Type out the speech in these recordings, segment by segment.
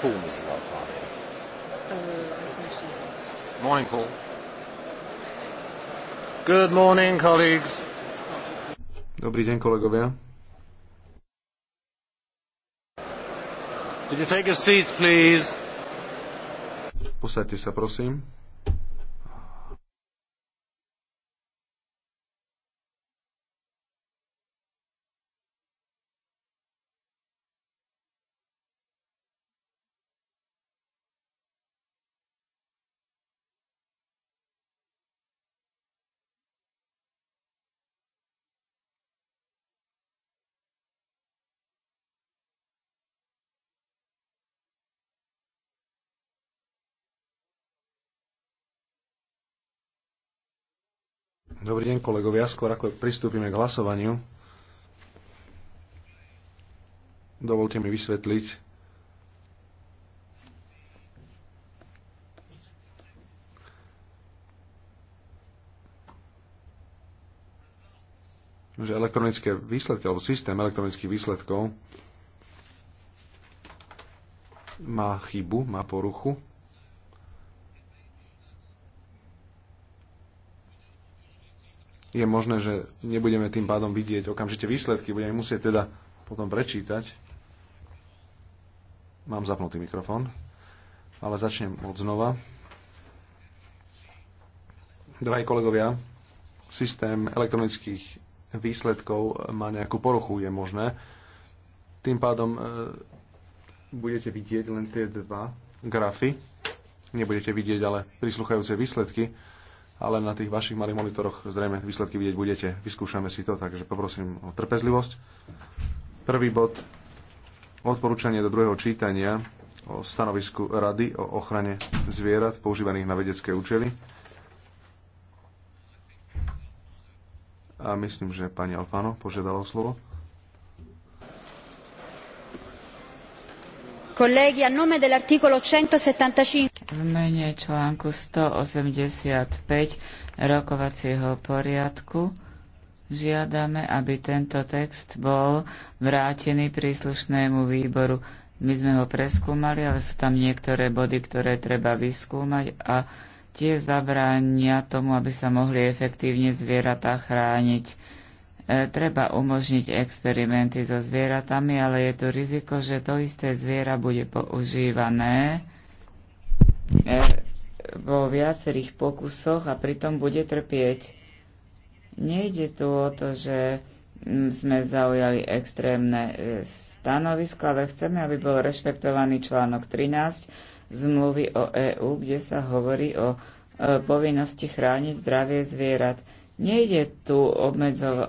call, Mrs. Alfani? Uh, Morning, Paul. Good morning, colleagues. Dobrý deň, kolegovia. Did you take your seats, please? Posaďte sa, prosím. Dobrý deň, kolegovia. Skôr ako pristúpime k hlasovaniu, dovolte mi vysvetliť, že elektronické výsledky, alebo systém elektronických výsledkov má chybu, má poruchu. je možné, že nebudeme tým pádom vidieť okamžite výsledky, budeme musieť teda potom prečítať. Mám zapnutý mikrofón, ale začnem od znova. Drahí kolegovia, systém elektronických výsledkov má nejakú poruchu, je možné. Tým pádom e, budete vidieť len tie dva grafy. Nebudete vidieť ale prísluchajúce výsledky ale na tých vašich malých monitoroch zrejme výsledky vidieť budete. Vyskúšame si to, takže poprosím o trpezlivosť. Prvý bod, odporúčanie do druhého čítania o stanovisku Rady o ochrane zvierat používaných na vedecké účely. A myslím, že pani Alfano požiadala o slovo. Colleghi, a nome dell'articolo 175 v mene článku 185 rokovacieho poriadku žiadame, aby tento text bol vrátený príslušnému výboru. My sme ho preskúmali, ale sú tam niektoré body, ktoré treba vyskúmať a tie zabránia tomu, aby sa mohli efektívne zvieratá chrániť. E, treba umožniť experimenty so zvieratami, ale je tu riziko, že to isté zviera bude používané E, vo viacerých pokusoch a pritom bude trpieť. Nejde tu o to, že mm, sme zaujali extrémne e, stanovisko, ale chceme, aby bol rešpektovaný článok 13 zmluvy o EÚ, kde sa hovorí o e, povinnosti chrániť zdravie zvierat. Nejde tu o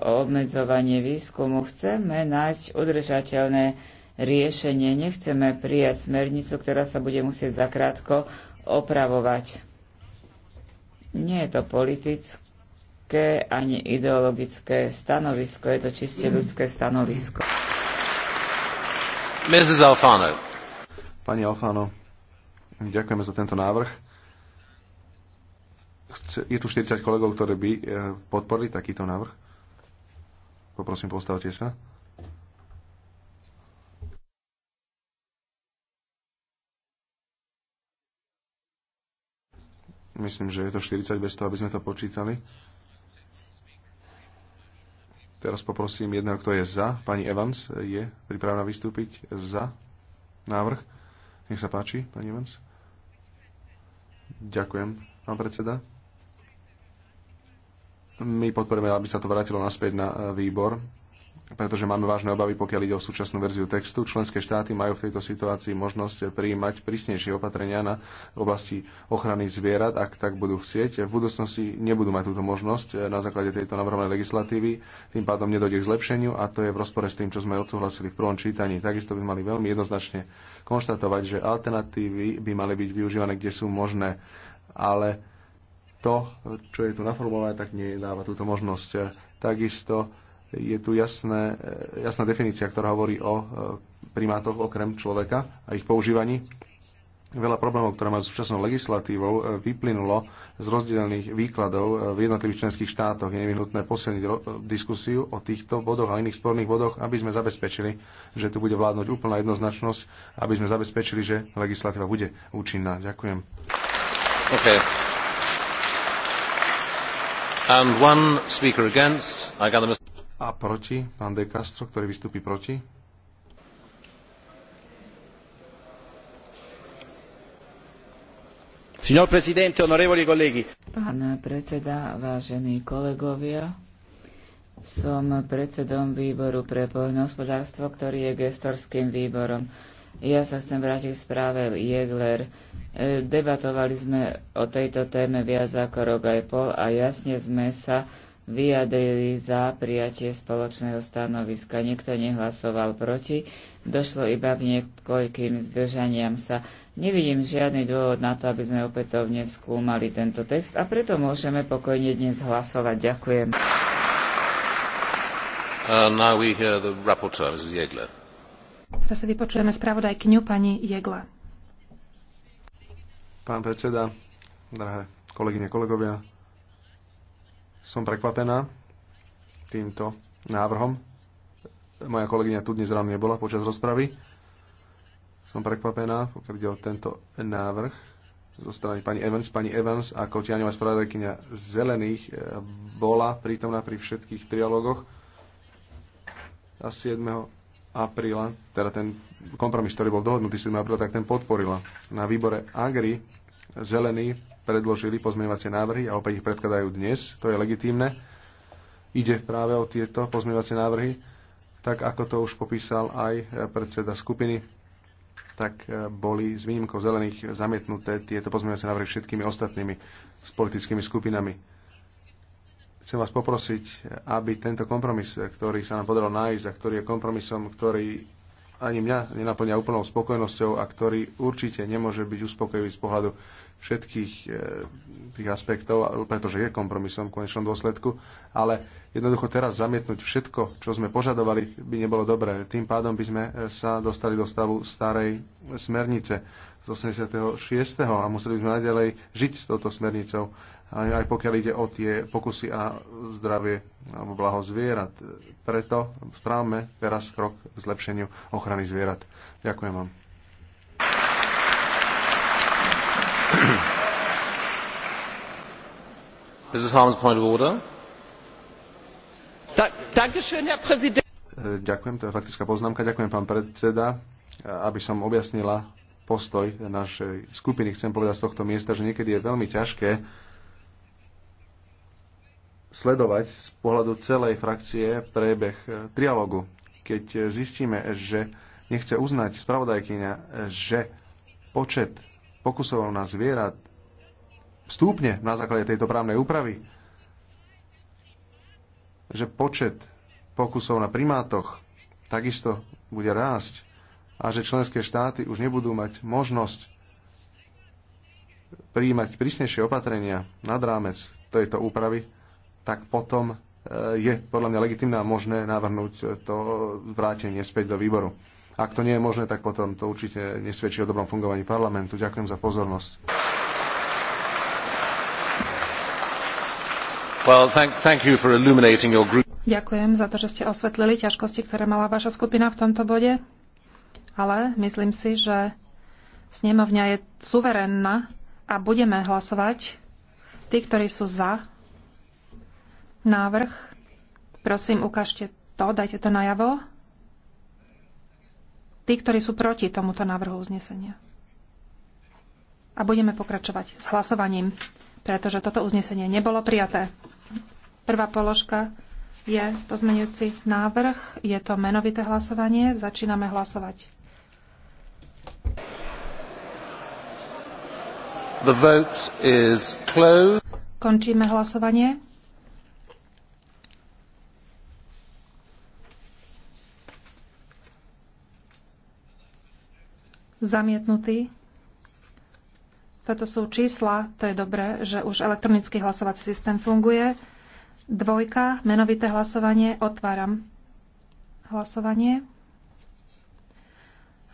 obmedzovanie výskumu, chceme nájsť udržateľné riešenie, nechceme prijať smernicu, ktorá sa bude musieť zakrátko opravovať. Nie je to politické ani ideologické stanovisko, je to čiste ľudské stanovisko. Mrs. Alfano. Pani Alfano, ďakujeme za tento návrh. Chce, je tu 40 kolegov, ktorí by eh, podporili takýto návrh. Poprosím, postavte sa. Myslím, že je to 40 bez toho, aby sme to počítali. Teraz poprosím jedného, kto je za. Pani Evans je pripravená vystúpiť za návrh. Nech sa páči, pani Evans. Ďakujem, pán predseda. My podporujeme, aby sa to vrátilo naspäť na e, výbor pretože máme vážne obavy, pokiaľ ide o súčasnú verziu textu. Členské štáty majú v tejto situácii možnosť prijímať prísnejšie opatrenia na oblasti ochrany zvierat, ak tak budú chcieť. V budúcnosti nebudú mať túto možnosť na základe tejto navrhovanej legislatívy, tým pádom nedojde k zlepšeniu a to je v rozpore s tým, čo sme odsúhlasili v prvom čítaní. Takisto by mali veľmi jednoznačne konštatovať, že alternatívy by mali byť využívané, kde sú možné, ale to, čo je tu naformulované, tak nedáva túto možnosť. Takisto je tu jasné, e, jasná definícia, ktorá hovorí o e, primátoch okrem človeka a ich používaní. Veľa problémov, ktoré majú súčasnou legislatívou, e, vyplynulo z rozdielných výkladov v jednotlivých členských štátoch. Je nevyhnutné posilniť diskusiu o týchto bodoch a iných sporných bodoch, aby sme zabezpečili, že tu bude vládnuť úplná jednoznačnosť, aby sme zabezpečili, že legislatíva bude účinná. Ďakujem. Okay. And one speaker against. I got a a proti, pán De Castro, ktorý vystúpi proti. Signor Presidente, onorevoli colleghi. Pán predseda, vážení kolegovia, som predsedom výboru pre poľnohospodárstvo, ktorý je gestorským výborom. Ja sa chcem vrátiť k správe Jegler. E, debatovali sme o tejto téme viac ako rok aj pol a jasne sme sa vyjadrili za prijatie spoločného stanoviska. Nikto nehlasoval proti, došlo iba k niekoľkým zdržaniam sa. Nevidím žiadny dôvod na to, aby sme opätovne skúmali tento text a preto môžeme pokojne dnes hlasovať. Ďakujem. Uh, rapporteur, Teraz si vypočujeme spravodajkyňu pani Jegla. Pán predseda, drahé kolegyne, kolegovia, som prekvapená týmto návrhom. Moja kolegyňa tu dnes ráno nebola počas rozpravy. Som prekvapená, pokiaľ ide o tento návrh zo strany pani Evans. Pani Evans ako tiaňová spravodajkynia zelených eh, bola prítomná pri všetkých trialogoch a 7. apríla, teda ten kompromis, ktorý bol dohodnutý 7. apríla, tak ten podporila. Na výbore Agri zelení predložili pozmeňovacie návrhy a opäť ich predkladajú dnes. To je legitímne. Ide práve o tieto pozmeňovacie návrhy, tak ako to už popísal aj predseda skupiny, tak e, boli s výnimkou zelených zamietnuté tieto pozmeňovacie návrhy všetkými ostatnými s politickými skupinami. Chcem vás poprosiť, aby tento kompromis, ktorý sa nám podarilo nájsť a ktorý je kompromisom, ktorý ani mňa nenaplňa úplnou spokojnosťou a ktorý určite nemôže byť uspokojivý z pohľadu všetkých e, tých aspektov, pretože je kompromisom v konečnom dôsledku, ale jednoducho teraz zamietnúť všetko, čo sme požadovali, by nebolo dobré. Tým pádom by sme e, sa dostali do stavu starej smernice z 86. a museli sme naďalej žiť s touto smernicou, aj, pokiaľ ide o tie pokusy a zdravie alebo blaho zvierat. Preto správame teraz krok k zlepšeniu ochrany zvierat. Ďakujem vám. Ďakujem, to je faktická poznámka. Ďakujem, pán predseda. Aby som objasnila postoj našej skupiny. Chcem povedať z tohto miesta, že niekedy je veľmi ťažké sledovať z pohľadu celej frakcie prebeh trialogu. Keď zistíme, že nechce uznať spravodajkyňa, že počet pokusov na zvierat stúpne na základe tejto právnej úpravy, že počet pokusov na primátoch takisto bude rásť, a že členské štáty už nebudú mať možnosť prijímať prísnejšie opatrenia nad rámec tejto úpravy, tak potom e, je podľa mňa legitimné a možné navrhnúť to vrátenie späť do výboru. Ak to nie je možné, tak potom to určite nesvedčí o dobrom fungovaní parlamentu. Ďakujem za pozornosť. Well, thank, thank you for illuminating your group. Ďakujem za to, že ste osvetlili ťažkosti, ktoré mala vaša skupina v tomto bode ale myslím si, že snemovňa je suverénna a budeme hlasovať. Tí, ktorí sú za návrh, prosím, ukážte to, dajte to najavo. Tí, ktorí sú proti tomuto návrhu uznesenia. A budeme pokračovať s hlasovaním, pretože toto uznesenie nebolo prijaté. Prvá položka je pozmeňujúci návrh, je to menovité hlasovanie, začíname hlasovať. The vote is closed. Končíme hlasovanie. Zamietnutý. Toto sú čísla, to je dobré, že už elektronický hlasovací systém funguje. Dvojka, menovité hlasovanie, otváram hlasovanie.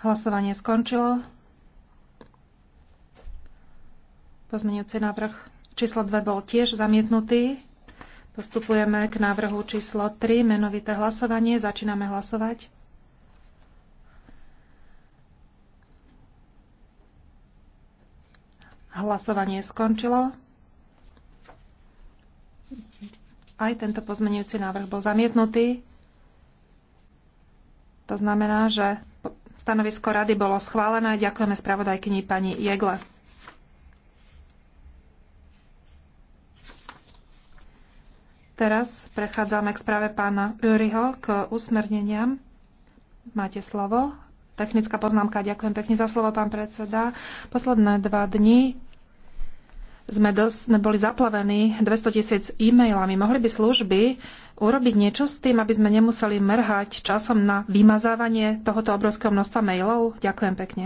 Hlasovanie skončilo. Pozmeňujúci návrh číslo 2 bol tiež zamietnutý. Postupujeme k návrhu číslo 3, menovité hlasovanie. Začíname hlasovať. Hlasovanie skončilo. Aj tento pozmenujúci návrh bol zamietnutý. To znamená, že stanovisko rady bolo schválené. Ďakujeme spravodajkyni pani Jegle. Teraz prechádzame k správe pána Uriho k usmerneniam. Máte slovo. Technická poznámka. Ďakujem pekne za slovo, pán predseda. Posledné dva dni sme, dos- sme boli zaplavení 200 tisíc e-mailami. Mohli by služby urobiť niečo s tým, aby sme nemuseli mrhať časom na vymazávanie tohoto obrovského množstva mailov? Ďakujem pekne.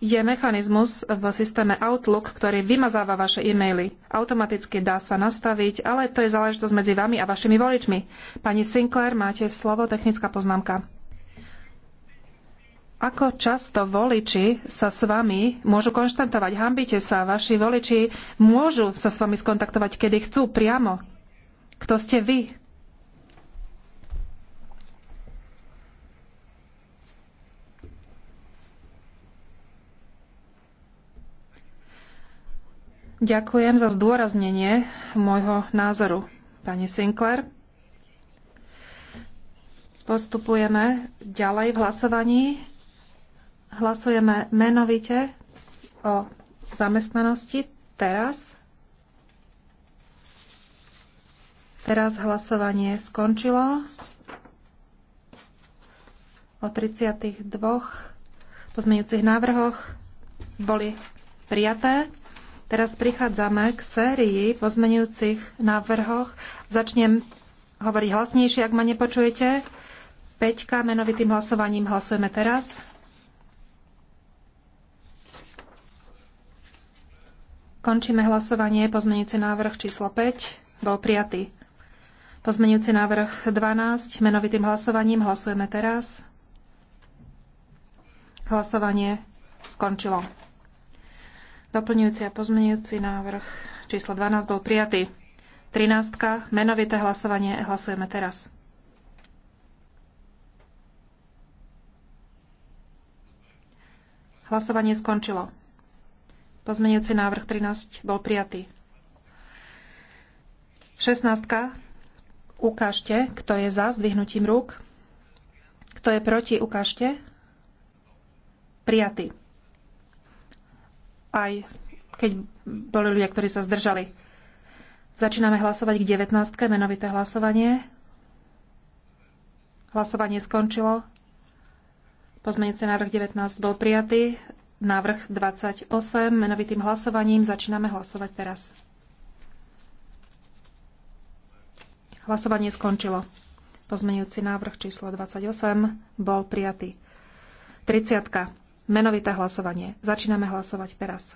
je mechanizmus v systéme Outlook, ktorý vymazáva vaše e-maily. Automaticky dá sa nastaviť, ale to je záležitosť medzi vami a vašimi voličmi. Pani Sinclair, máte slovo, technická poznámka. Ako často voliči sa s vami môžu konštantovať? Hambite sa, vaši voliči môžu sa s vami skontaktovať, kedy chcú, priamo. Kto ste vy? Ďakujem za zdôraznenie môjho názoru, pani Sinclair. Postupujeme ďalej v hlasovaní. Hlasujeme menovite o zamestnanosti teraz. Teraz hlasovanie skončilo. O 32 pozmeňujúcich návrhoch boli prijaté. Teraz prichádzame k sérii pozmenujúcich návrhoch. Začnem hovoriť hlasnejšie, ak ma nepočujete. Peťka, menovitým hlasovaním hlasujeme teraz. Končíme hlasovanie. Pozmenujúci návrh číslo 5 bol prijatý. Pozmenujúci návrh 12 menovitým hlasovaním hlasujeme teraz. Hlasovanie skončilo. Doplňujúci a pozmenujúci návrh číslo 12 bol prijatý. 13. Menovité hlasovanie hlasujeme teraz. Hlasovanie skončilo. Pozmenujúci návrh 13 bol prijatý. 16. Ukážte, kto je za zdvihnutím rúk. Kto je proti, ukážte. Prijatý aj keď boli ľudia, ktorí sa zdržali. Začíname hlasovať k 19. menovité hlasovanie. Hlasovanie skončilo. Pozmenujúci návrh 19 bol prijatý. Návrh 28 menovitým hlasovaním. Začíname hlasovať teraz. Hlasovanie skončilo. Pozmenujúci návrh číslo 28 bol prijatý. 30. Menovité hlasovanie. Začíname hlasovať teraz.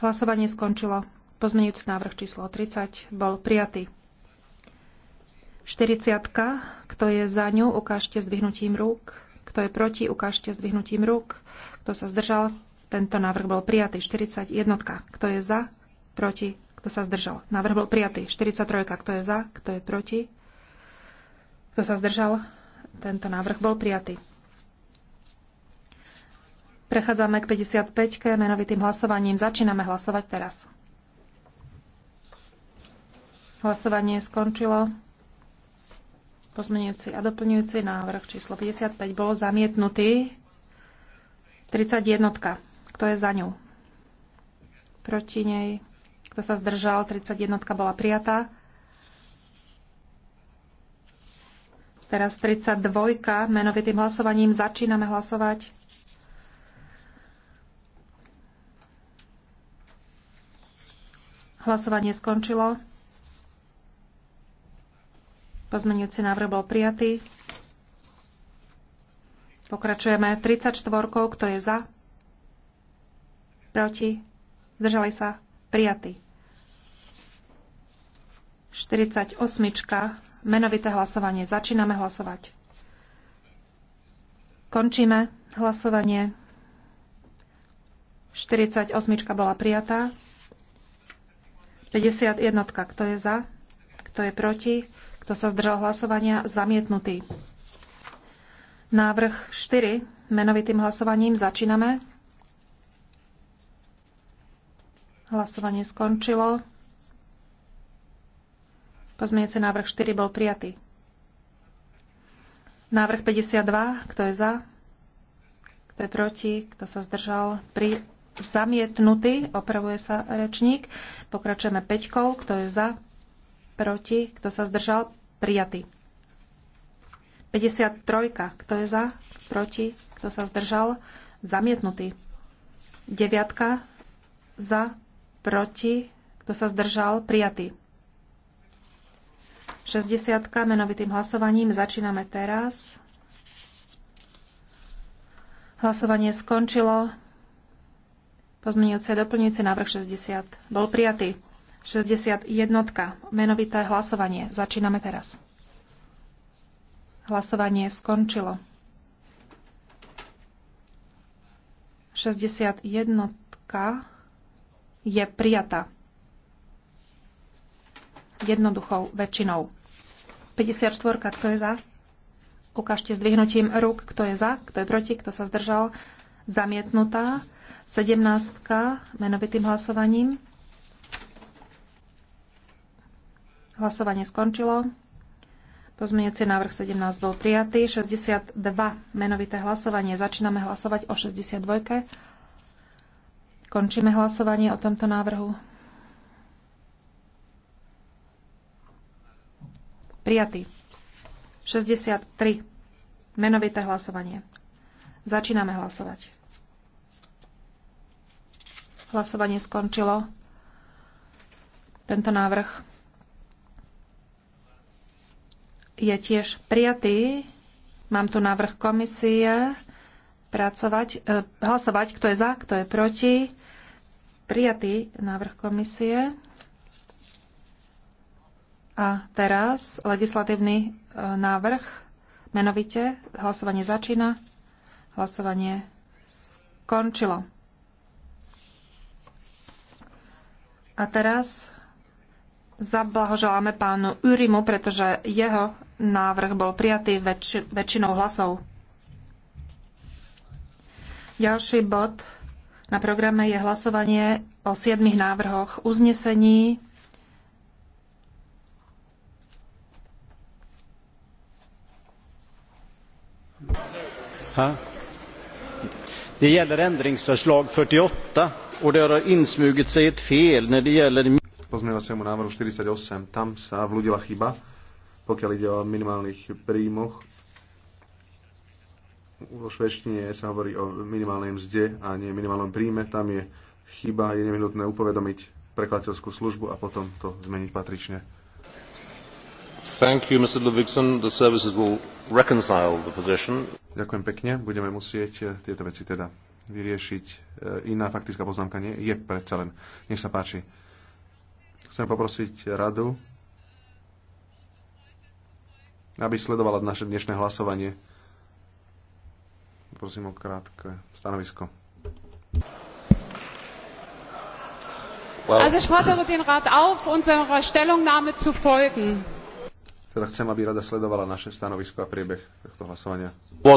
Hlasovanie skončilo. pozmeniť návrh číslo 30 bol prijatý. 40. Kto je za ňu, ukážte zdvihnutím rúk. Kto je proti, ukážte zdvihnutím rúk. Kto sa zdržal, tento návrh bol prijatý. 41. Kto je za, proti, kto sa zdržal. Návrh bol prijatý. 43. Kto je za, kto je proti, kto sa zdržal? Tento návrh bol prijatý. Prechádzame k 55-ke menovitým hlasovaním. Začíname hlasovať teraz. Hlasovanie skončilo. Pozmenujúci a doplňujúci návrh číslo 55 bolo zamietnutý. 31. -tka. Kto je za ňou? Proti nej. Kto sa zdržal? 31 bola prijatá. Teraz 32. Menovitým hlasovaním začíname hlasovať. Hlasovanie skončilo. Pozmeňujúci návrh bol prijatý. Pokračujeme 34. Kto je za? Proti? Zdržali sa? Prijatý. 48 menovité hlasovanie. Začíname hlasovať. Končíme hlasovanie. 48 bola prijatá. 51. Kto je za? Kto je proti? Kto sa zdržal hlasovania? Zamietnutý. Návrh 4. Menovitým hlasovaním začíname. Hlasovanie skončilo. Pozmienujúci návrh 4 bol prijatý. Návrh 52, kto je za? Kto je proti? Kto sa zdržal? Pri zamietnutý, opravuje sa rečník. Pokračujeme 5, kto je za? Proti? Kto sa zdržal? Prijatý. 53, kto je za? Proti? Kto sa zdržal? Zamietnutý. 9, za? Proti? Kto sa zdržal? Prijatý. 60. menovitým hlasovaním. Začíname teraz. Hlasovanie skončilo. Pozmeňujúce doplňujúci návrh 60 bol prijatý. 61. Menovité hlasovanie. Začíname teraz. Hlasovanie skončilo. 61 je prijatá jednoduchou väčšinou. 54. Kto je za? Ukážte zdvihnutím rúk, kto je za, kto je proti, kto sa zdržal. Zamietnutá. 17. Menovitým hlasovaním. Hlasovanie skončilo. Pozmeňujúci návrh 17 bol prijatý. 62. Menovité hlasovanie. Začíname hlasovať o 62. Končíme hlasovanie o tomto návrhu. Prijatý. 63. Menovité hlasovanie. Začíname hlasovať. Hlasovanie skončilo. Tento návrh je tiež prijatý. Mám tu návrh komisie pracovať, eh, hlasovať, kto je za, kto je proti. Prijatý návrh komisie. A teraz legislatívny e, návrh, menovite hlasovanie začína, hlasovanie skončilo. A teraz zablahoželáme pánu Urimu, pretože jeho návrh bol prijatý väč- väčšinou hlasov. Ďalší bod na programe je hlasovanie o siedmých návrhoch uznesení Det gäller ändringsförslag 48 och det har insmugit sig ett fel när det gäller návrhu 48. Tam sa vľudila chyba, pokiaľ ide o minimálnych príjmoch. Vo švedštine sa hovorí o minimálnej mzde a nie minimálnom príjme. Tam je chyba, je nevyhnutné upovedomiť prekladateľskú službu a potom to zmeniť patrične. Ďakujem pekne. Budeme musieť eh, tieto veci teda vyriešiť. Eh, iná faktická poznámka nie je predsa len. Nech sa páči. Chcem poprosiť radu, aby sledovala naše dnešné hlasovanie. Prosím o krátke stanovisko. Well. Also ich fordere den Rat auf, unserer Stellungnahme zu folgen. Teda chcem, aby rada sledovala naše stanovisko a priebeh tohto hlasovania. E,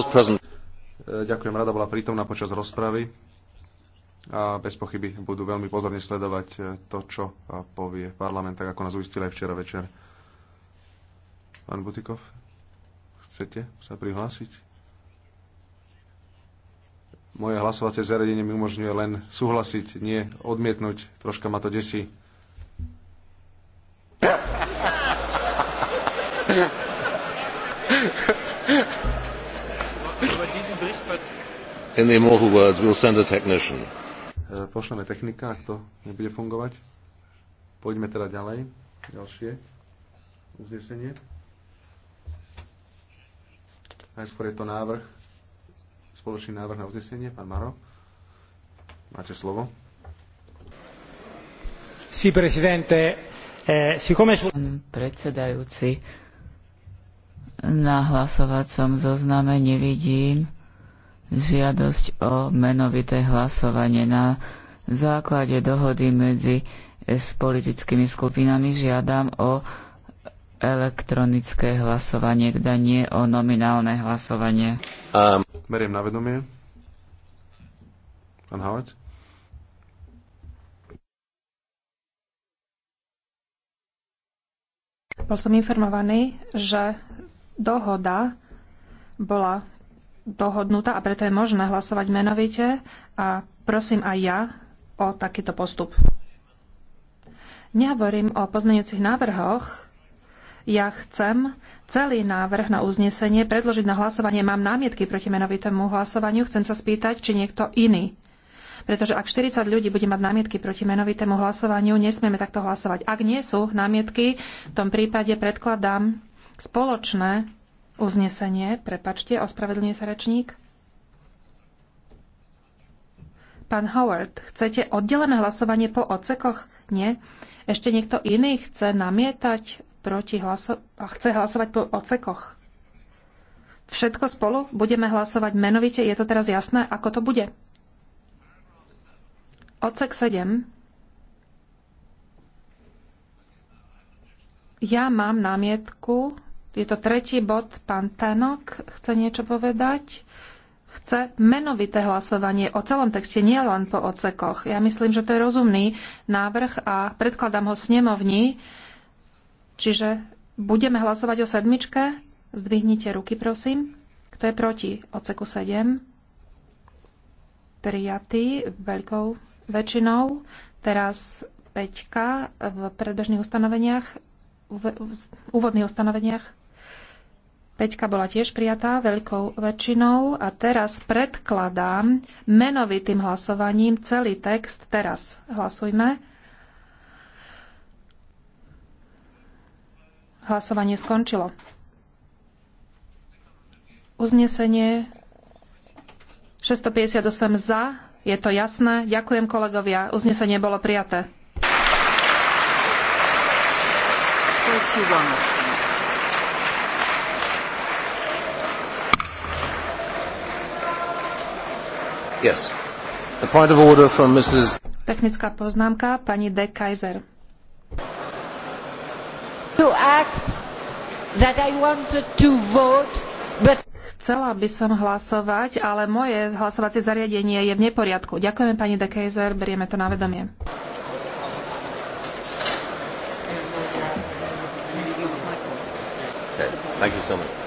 ďakujem, rada bola prítomná počas rozpravy a bez pochyby budú veľmi pozorne sledovať e, to, čo e, povie parlament, tak ako nás uistil aj včera večer. Pán Butikov, chcete sa prihlásiť? Moje hlasovacie zariadenie mi umožňuje len súhlasiť, nie odmietnúť. Troška ma to desí. In the immortal words, we'll send a technician. E, pošleme technika, ak to nebude fungovať. Poďme teda ďalej. Ďalšie uznesenie. Najskôr je to návrh, spoločný návrh na uznesenie. Pán Maro, máte slovo. Sí, presidente. Eh, Predsedajúci, na hlasovacom zozname nevidím žiadosť o menovité hlasovanie na základe dohody medzi s politickými skupinami žiadam o elektronické hlasovanie, kde teda nie o nominálne hlasovanie. Um. na vedomie. Pán Havec? Bol som informovaný, že dohoda bola dohodnutá a preto je možné hlasovať menovite a prosím aj ja o takýto postup. Nehovorím o pozmeňujúcich návrhoch. Ja chcem celý návrh na uznesenie predložiť na hlasovanie. Mám námietky proti menovitému hlasovaniu. Chcem sa spýtať, či niekto iný. Pretože ak 40 ľudí bude mať námietky proti menovitému hlasovaniu, nesmieme takto hlasovať. Ak nie sú námietky, v tom prípade predkladám spoločné uznesenie, prepačte, ospravedlňuje sa rečník. Pán Howard, chcete oddelené hlasovanie po odsekoch? Nie. Ešte niekto iný chce namietať proti hlaso- a chce hlasovať po odsekoch? Všetko spolu? Budeme hlasovať menovite? Je to teraz jasné, ako to bude? Odsek 7. Ja mám námietku je to tretí bod, pán Tenok chce niečo povedať. Chce menovité hlasovanie o celom texte, nie len po ocekoch. Ja myslím, že to je rozumný návrh a predkladám ho snemovni. Čiže budeme hlasovať o sedmičke. Zdvihnite ruky, prosím. Kto je proti oceku 7? Prijatý veľkou väčšinou. Teraz Peťka v predbežných ustanoveniach, v úvodných ustanoveniach Peťka bola tiež prijatá veľkou väčšinou a teraz predkladám menovitým hlasovaním celý text. Teraz hlasujme. Hlasovanie skončilo. Uznesenie 658 za. Je to jasné. Ďakujem kolegovia. Uznesenie bolo prijaté. Yes. point of order from Mrs. Technická poznámka, pani De Kaiser. To act that I wanted to vote, but... Chcela by som hlasovať, ale moje hlasovacie zariadenie je v neporiadku. Ďakujeme pani De Kaiser, berieme to na vedomie. Okay. Thank you so much.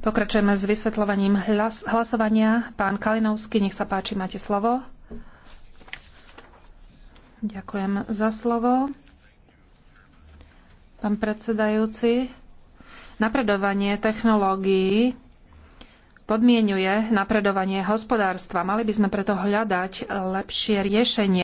Pokračujeme s vysvetľovaním hlas- hlasovania. Pán Kalinovský, nech sa páči, máte slovo. Ďakujem za slovo. Pán predsedajúci, napredovanie technológií podmienuje napredovanie hospodárstva. Mali by sme preto hľadať lepšie riešenie.